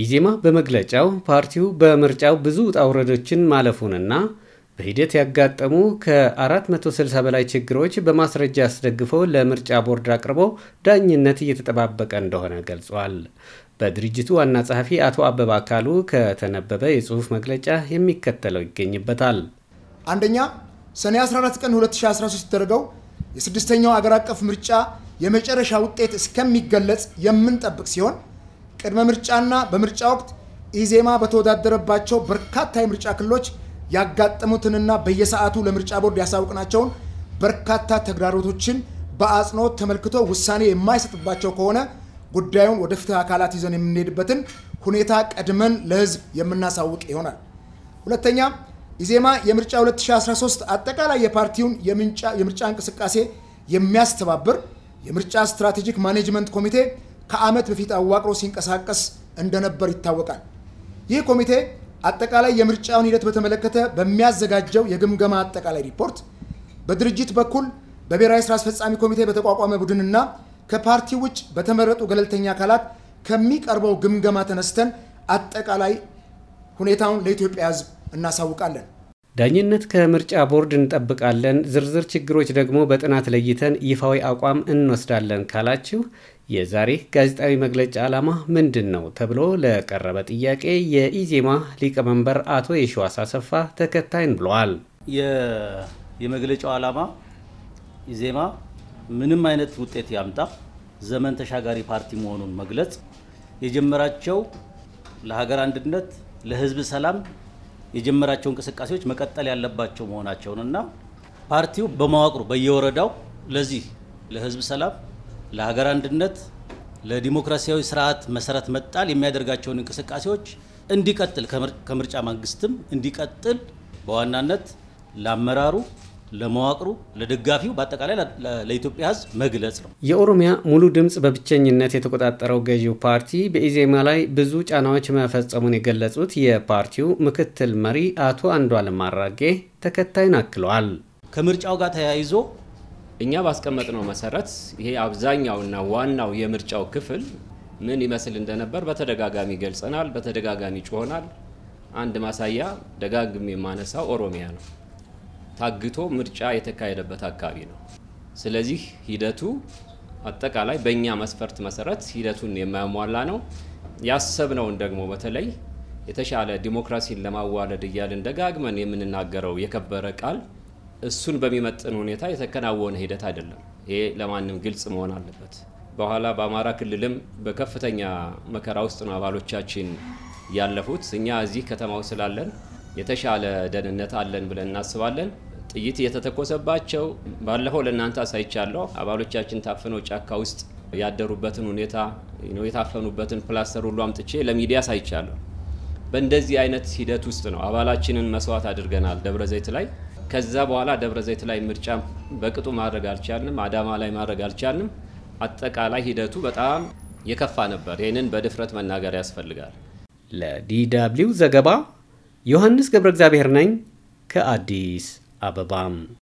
ኢዜማ በመግለጫው ፓርቲው በምርጫው ብዙ ውጣ ውረዶችን ማለፉንና በሂደት ያጋጠሙ ከ460 በላይ ችግሮች በማስረጃ አስደግፎ ለምርጫ ቦርድ አቅርቦ ዳኝነት እየተጠባበቀ እንደሆነ ገልጿል። በድርጅቱ ዋና ጸሐፊ አቶ አበባ አካሉ ከተነበበ የጽሑፍ መግለጫ የሚከተለው ይገኝበታል። አንደኛ ሰኔ 14 ቀን 2013 የተደረገው የስድስተኛው አገር አቀፍ ምርጫ የመጨረሻ ውጤት እስከሚገለጽ የምንጠብቅ ሲሆን ቅድመ ምርጫና በምርጫ ወቅት ኢዜማ በተወዳደረባቸው በርካታ የምርጫ ክልሎች ያጋጠሙትንና በየሰዓቱ ለምርጫ ቦርድ ያሳውቅናቸውን በርካታ ተግዳሮቶችን በአጽንኦት ተመልክቶ ውሳኔ የማይሰጥባቸው ከሆነ ጉዳዩን ወደ ፍትህ አካላት ይዘን የምንሄድበትን ሁኔታ ቀድመን ለህዝብ የምናሳውቅ ይሆናል። ሁለተኛ ኢዜማ የምርጫ 2013 አጠቃላይ የፓርቲውን የምርጫ እንቅስቃሴ የሚያስተባብር የምርጫ ስትራቴጂክ ማኔጅመንት ኮሚቴ ከዓመት በፊት አዋቅሮ ሲንቀሳቀስ እንደነበር ይታወቃል። ይህ ኮሚቴ አጠቃላይ የምርጫውን ሂደት በተመለከተ በሚያዘጋጀው የግምገማ አጠቃላይ ሪፖርት በድርጅት በኩል በብሔራዊ ስራ አስፈጻሚ ኮሚቴ በተቋቋመ ቡድንና ከፓርቲ ውጭ በተመረጡ ገለልተኛ አካላት ከሚቀርበው ግምገማ ተነስተን አጠቃላይ ሁኔታውን ለኢትዮጵያ ሕዝብ እናሳውቃለን። ዳኝነት ከምርጫ ቦርድ እንጠብቃለን፣ ዝርዝር ችግሮች ደግሞ በጥናት ለይተን ይፋዊ አቋም እንወስዳለን ካላችሁ የዛሬ ጋዜጣዊ መግለጫ ዓላማ ምንድን ነው ተብሎ ለቀረበ ጥያቄ የኢዜማ ሊቀመንበር አቶ የሸዋሳ አሰፋ ተከታይን ብለዋል። የመግለጫው ዓላማ ኢዜማ ምንም አይነት ውጤት ያምጣ ዘመን ተሻጋሪ ፓርቲ መሆኑን መግለጽ የጀመራቸው ለሀገር አንድነት ለህዝብ ሰላም የጀመራቸው እንቅስቃሴዎች መቀጠል ያለባቸው መሆናቸውንና ፓርቲው በመዋቅሩ በየወረዳው ለዚህ ለህዝብ ሰላም፣ ለሀገር አንድነት፣ ለዲሞክራሲያዊ ስርዓት መሰረት መጣል የሚያደርጋቸውን እንቅስቃሴዎች እንዲቀጥል ከምርጫ መንግስትም እንዲቀጥል በዋናነት ለአመራሩ ለመዋቅሩ፣ ለደጋፊው፣ በአጠቃላይ ለኢትዮጵያ ሕዝብ መግለጽ ነው። የኦሮሚያ ሙሉ ድምፅ በብቸኝነት የተቆጣጠረው ገዢው ፓርቲ በኢዜማ ላይ ብዙ ጫናዎች መፈጸሙን የገለጹት የፓርቲው ምክትል መሪ አቶ አንዷለም አራጌ ተከታዩን አክለዋል። ከምርጫው ጋር ተያይዞ እኛ ባስቀመጥነው መሰረት ይሄ አብዛኛውና ዋናው የምርጫው ክፍል ምን ይመስል እንደነበር በተደጋጋሚ ገልጸናል፣ በተደጋጋሚ ጮሆናል። አንድ ማሳያ ደጋግም የማነሳው ኦሮሚያ ነው። ታግቶ ምርጫ የተካሄደበት አካባቢ ነው። ስለዚህ ሂደቱ አጠቃላይ በእኛ መስፈርት መሰረት ሂደቱን የማያሟላ ነው። ያሰብነውን ደግሞ በተለይ የተሻለ ዲሞክራሲን ለማዋለድ እያልን ደጋግመን የምንናገረው የከበረ ቃል እሱን በሚመጥን ሁኔታ የተከናወነ ሂደት አይደለም። ይሄ ለማንም ግልጽ መሆን አለበት። በኋላ በአማራ ክልልም በከፍተኛ መከራ ውስጥ ነው አባሎቻችን ያለፉት። እኛ እዚህ ከተማው ስላለን የተሻለ ደህንነት አለን ብለን እናስባለን። ጥይት እየተተኮሰባቸው ባለፈው ለእናንተ አሳይቻለሁ። አባሎቻችን ታፍነው ጫካ ውስጥ ያደሩበትን ሁኔታ የታፈኑበትን ፕላስተር ሁሉ አምጥቼ ለሚዲያ አሳይቻለሁ። በእንደዚህ አይነት ሂደት ውስጥ ነው አባላችንን መስዋዕት አድርገናል ደብረ ዘይት ላይ። ከዛ በኋላ ደብረ ዘይት ላይ ምርጫ በቅጡ ማድረግ አልቻልንም። አዳማ ላይ ማድረግ አልቻልንም። አጠቃላይ ሂደቱ በጣም የከፋ ነበር። ይህንን በድፍረት መናገር ያስፈልጋል። ለዲ ደብልዩ ዘገባ ዮሐንስ ገብረ እግዚአብሔር ነኝ ከአዲስ Ababam.